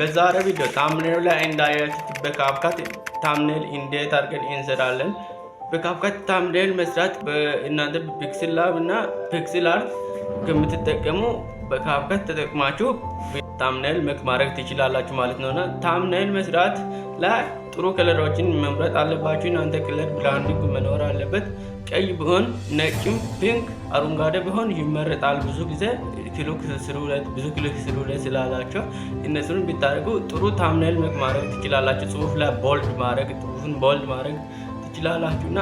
በዛሬ ቪዲዮ ታምኔል ላይ እንዳያችሁት በካፕካት ታምኔል እንዴት አድርገን እንሰራለን። በካፕካት ታምኔል መስራት በእናንተ ፒክስል ላብ እና ፒክስል አርት ከምትጠቀሙ በካፕካት ተጠቅማችሁ ታምኔል መክ ማድረግ ትችላላችሁ ማለት ነውና ታምኔል መስራት ላይ ጥሩ ከለሮችን መምረጥ አለባችሁ። እናንተ ክለር ብራንዲንግ መኖር አለበት። ቀይ ቢሆን ነጭም፣ ፒንክ፣ አረንጓዴ ቢሆን ይመረጣል። ብዙ ጊዜ ክሊክ ስሩ ላይ ብዙ ክሊክ ስሩ ላይ ስላላቸው እነሱን ቢታደርጉ ጥሩ ታምኔል መክ ማድረግ ትችላላችሁ። ጽሁፍ ላይ ቦልድ ማድረግ ጽሁፉን ቦልድ ማድረግ ትችላላችሁና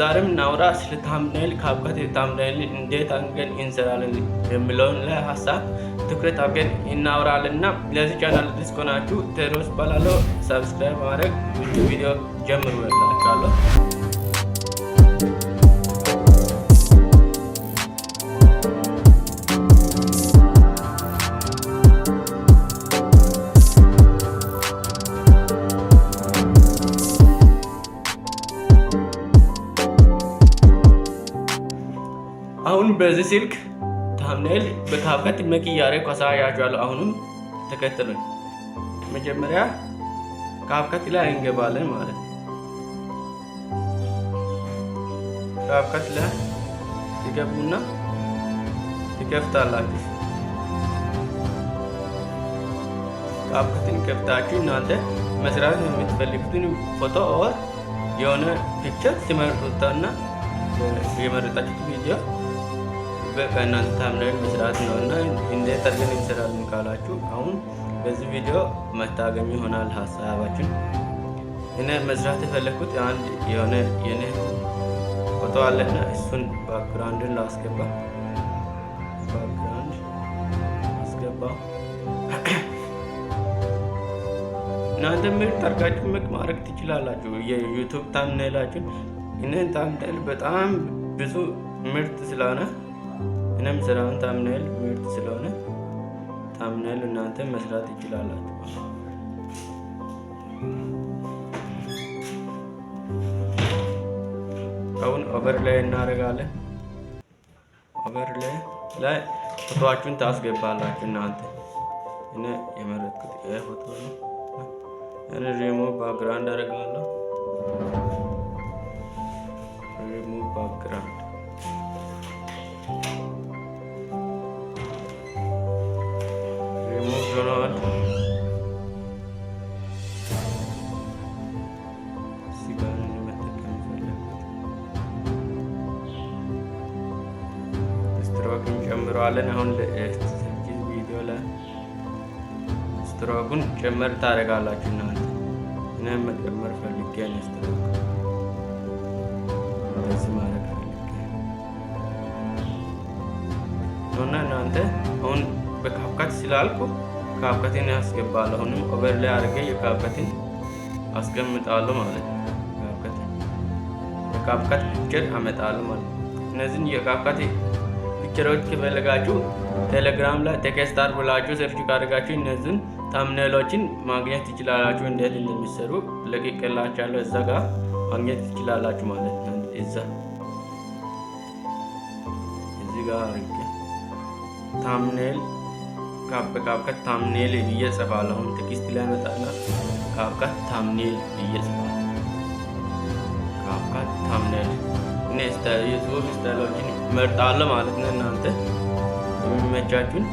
ዛሬም እናውራ ስለ ታምኔል ከአባት ታምኔል እንዴት አንገን እንሰራለን የሚለውን ላይ ሀሳብ ትኩረት አድርገን እናውራልና ለዚህ ቻናል አዲስ ከሆናችሁ ቴዎድሮስ ሰብስክራይብ ማድረግ ቪዲዮ ጀምሩ። አሁን በዚህ ስልክ ታምኔል በካፕከት ሜክ እያደረኩ አሳያችኋለሁ። አሁንም ተከተሉኝ። መጀመሪያ ካፕከት ላይ እንገባለን ማለት ነው። ካፕከት ላይ ትገቡና ትከፍታላችሁ። ካፕከትን ከፍታችሁ እናንተ መስራት የምትፈልጉትን ፎቶ ኦር የሆነ ፒክቸር ትመርጡታና የመረጣችሁት ቪዲዮ በእናንተ ታምናዊ መስራት ነው እና እንዴት አድርገን እንሰራለን ካላችሁ አሁን በዚህ ቪዲዮ መታገኝ ይሆናል ሀሳባችን። እኔ መስራት የፈለግኩት አንድ የሆነ የኔ ፎቶ አለና እሱን ባክግራውንድን ላስገባ ባክግራውንድ አስገባ። እናንተ ምርጥ አድርጋችሁ ምቅ ማድረግ ትችላላችሁ። የዩቱብ ታምናላችሁ እኔ ታምናል በጣም ብዙ ምርጥ ስለሆነ እኔም ስራውን ታምናይል ምርጥ ስለሆነ ታምናይል እናንተ መስራት ይችላላችሁ። አሁን ኦቨር ላይ እናደርጋለን። ኦቨር ላይ ላይ ፎቶዋችሁን ታስገባላችሁ እናንተ እኔ የመረጥኩት ይሄ ፎቶ ነው። እኔ ሪሙቭ ባክግራውንድ አደርጋለሁ። ሪሙቭ ባክግራውንድ እናደርገዋለን። አሁን ቪዲዮ ላይ ስትሮኩን ጭምር ታደርጋላችሁ እናንተ። እኔም መጨመር ፈልጌ ነው ስትሮክ እንደዚህ ማድረግ ፈልጌ እና እናንተ አሁን በካፕካት ስላልኩ ካፕካትን ያስገባለሁ። አሁንም ኦቨር ላይ አድርጌ የካፕካትን አስቀምጣለሁ ማለት ነው። የካፕካት ፒክቸር አመጣለሁ ማለት ነው። እነዚህን ፒክቸሮች ከፈለጋችሁ ቴሌግራም ላይ ቴክስታር ብላችሁ ሰርች ካደረጋችሁ እነዚህን ታምኔሎችን ማግኘት ትችላላችሁ። እንዴት እንደሚሰሩ ለቅቄላችኋለሁ። እዛ ጋር ማግኘት ትችላላችሁ ማለት ነው። እዛ እዚህ ጋር አድርጌ ታምኔል ካፕካት ታምኔል ብዬ ጽፋለሁ። አሁን ቴክስት ላይ መጣና ካፕካት ታምኔል ብዬ ጽፋለሁ። ካፕካት ታምኔል ኔስታ የጽሁፍ ስታይሎችን መርጣለ ማለት ነው። እናንተ የሚመቻችሁን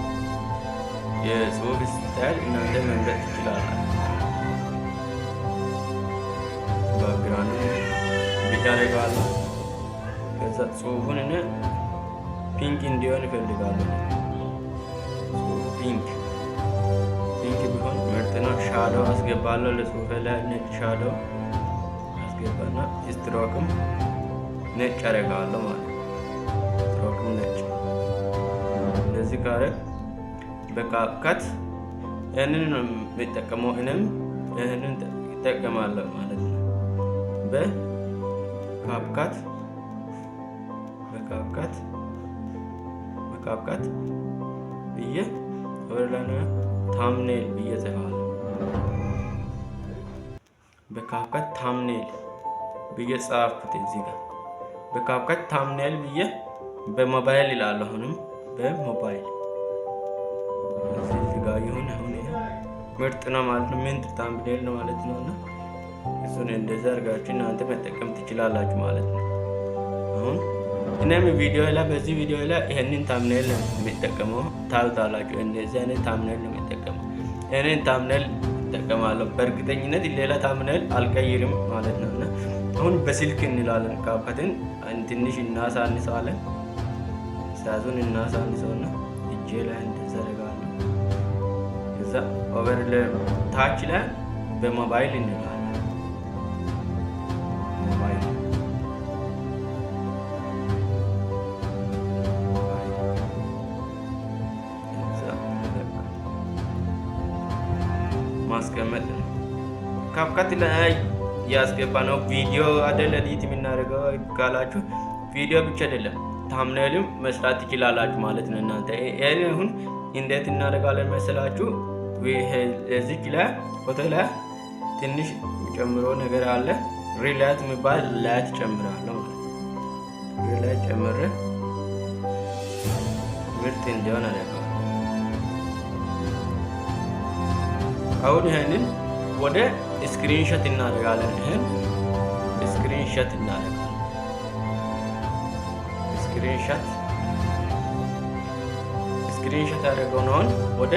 የጽሁፍ ስታይል እናንተ መምረጥ ትችላላችሁ። ባክግራውንድ ቢጫ አደርጋለሁ። ከዛ ጽሁፉን እኔ ፒንክ እንዲሆን እፈልጋለሁ። ፒንክ ፒንክ ቢሆን ምርጥ ሻዶው አስገባለሁ። ለጽሁፌ ላይ ነጭ ሻዶው አስገባና ስትሮክም ነጭ አደርጋለሁ ማለት ነው። ትራኩም ነጭ እንደዚህ ካረግ ከት ይህንን ነው የሚጠቀመው። እኔም ይህንን ይጠቀማለሁ ማለት ነው። በካፕካት በካፕካት በካፕካት ብዬ ወደላነ ታምኔል ብዬ ጽፋለሁ። በካፕካት ታምኔል ብዬ ጻፍኩት እዚህ ጋር በካፕካት ታምኔል ብዬ በሞባይል ይላል። አሁንም በሞባይል እዚህ ጋር ይሁን አሁን ምርጥ ነው ማለት ነው። ምን ታምኔል ነው ማለት ነው። እና እሱን እንደዛ አድርጋችሁ እናንተ መጠቀም ትችላላችሁ ማለት ነው። አሁን እኔም ቪዲዮ ላይ በዚህ ቪዲዮ ላይ ይሄንን ታምኔል ነው የሚጠቀመው ታዩታላችሁ። እንደዚህ አይነት ታምኔል ነው የሚጠቀመው። ይሄንን ታምኔል እጠቀማለሁ በእርግጠኝነት ሌላ ታምኔል አልቀይርም ማለት ነው እና አሁን በስልክ እንላለን ካፈትን ትንሽ እናሳንሳለን። ሳዙን እናሳንሰውና እጄ ላይ እንዘረጋለን። እዛ ኦቨር ታች ላይ በሞባይል እንላለን። ማስቀመጥ ነው ካፕካት ላይ ያስገባ ነው። ቪዲዮ አደለ ዲት የምናደርገው ካላችሁ ቪዲዮ ብቻ አይደለም ታምኔልም መስራት ትችላላችሁ ማለት ነው። እናንተ ይህን አሁን እንዴት እናደርጋለን መስላችሁ እዚህ ላይ ፎቶ ላይ ትንሽ ጨምሮ ነገር አለ ሪላት የሚባል ላያት ጨምራለሁ ማለት ሪላት ጨምረ ምርጥ እንዲሆን አደርጋለሁ። አሁን ይህንን ወደ ስክሪንሾት እናደርጋለን። ይህን ስክሪንሾት እናደርጋለን። ስክሪንሾት ስክሪንሾት ያደረገውን ወደ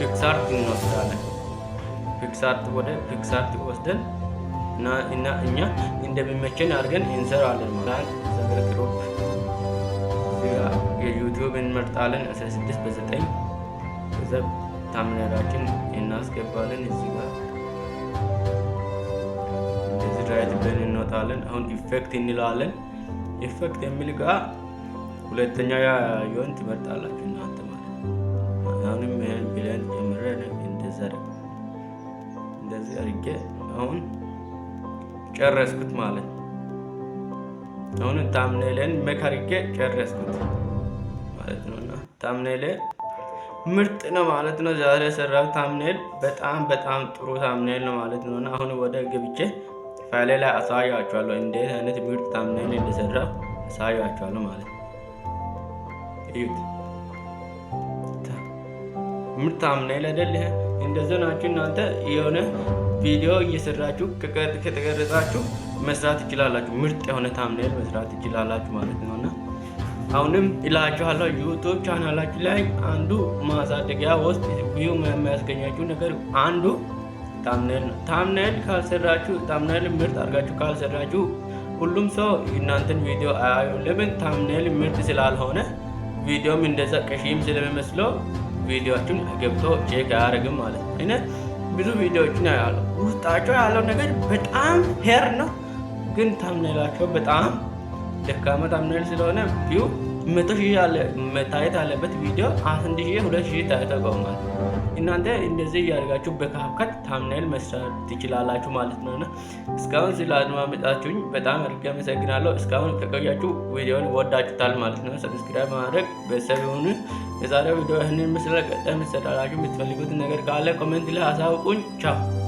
ፒክሳርት እንወስዳለን። ፒክሳርት ወደ ፒክሳርት ወስደን እና እኛ እንደሚመቸን አድርገን እንሰራለን። ማለት ሰገር ክሮፕ የዩቲዩብ እንመርጣለን 16 በ9 ከዛ ታምነራችን እናስገባለን እዚህ ጋር ተጋጭተን እንወጣለን። አሁን ኢፌክት እንለዋለን። ኢፌክት የሚል ጋ ሁለተኛ የሆን ትመርጣላችሁ እናንተ ማለት አሁንም ይህን ብለን ጀምረን እንደዘረ እንደዚህ አድርጌ አሁን ጨረስኩት ማለት አሁን ታምኔልን መካርጌ ጨረስኩት ማለት ነውና ታምኔል ምርጥ ነው ማለት ነው። ዛሬ የሰራሁት ታምኔል በጣም በጣም ጥሩ ታምኔል ነው ማለት ነውና አሁን ወደ ገብቼ ፋይሌ ላይ አሳያችኋለሁ እንዴት አይነት ምርጥ ታምናይል እንደሰራ አሳያችኋለሁ ማለት እዩት። ምርጥ ታምናይል አይደል? እንደዚህ ናችሁ እናንተ የሆነ ቪዲዮ እየሰራችሁ ከተቀረጻችሁ መስራት ይችላላችሁ። ምርጥ የሆነ ታምናይል መስራት ይችላላችሁ ማለት ነው እና አሁንም እላችኋለሁ ዩቱብ ቻናላችሁ ላይ አንዱ ማሳደጊያ ውስጥ ቪው የሚያስገኛችሁ ነገር አንዱ ታምናይል ነው። ካልሰራችሁ ታምኔል ምርጥ አድርጋችሁ ካልሰራችሁ ሁሉም ሰው እናንተን ቪዲዮ አያዩ። ለምን ታምኔል ምርጥ ስላልሆነ ቪዲዮም እንደዛ ቀሽም ስለሚመስለው ቪዲዮችን ገብቶ ቼክ አያደርግም ማለት ነው። ብዙ ቪዲዮዎችን ያሉ ውስጣቸው ያለው ነገር በጣም ሄር ነው፣ ግን ታምኔላቸው በጣም ደካማ ታምኔል ስለሆነ ቪው መቶ ሺህ መታየት አለበት ቪዲዮ አንድ ሺህ ሁለት ሺህ ታይተው ቆማል። እናንተ እንደዚህ እያደርጋችሁ በካፕካት ታምናይል መስራት ትችላላችሁ ማለት ነው። እና እስካሁን ስላድማመጣችሁኝ በጣም አድርጌ አመሰግናለሁ። እስካሁን ከቆያችሁ ቪዲዮን ወዳችሁታል ማለት ነው። ሰብስክራይብ ማድረግ በሰብ ሆኑ። የዛሬው ቪዲዮ ይህንን ምስል ቀጠ ምሰጣላችሁ። የምትፈልጉትን ነገር ካለ ኮመንት ላይ አሳውቁኝ። ቻው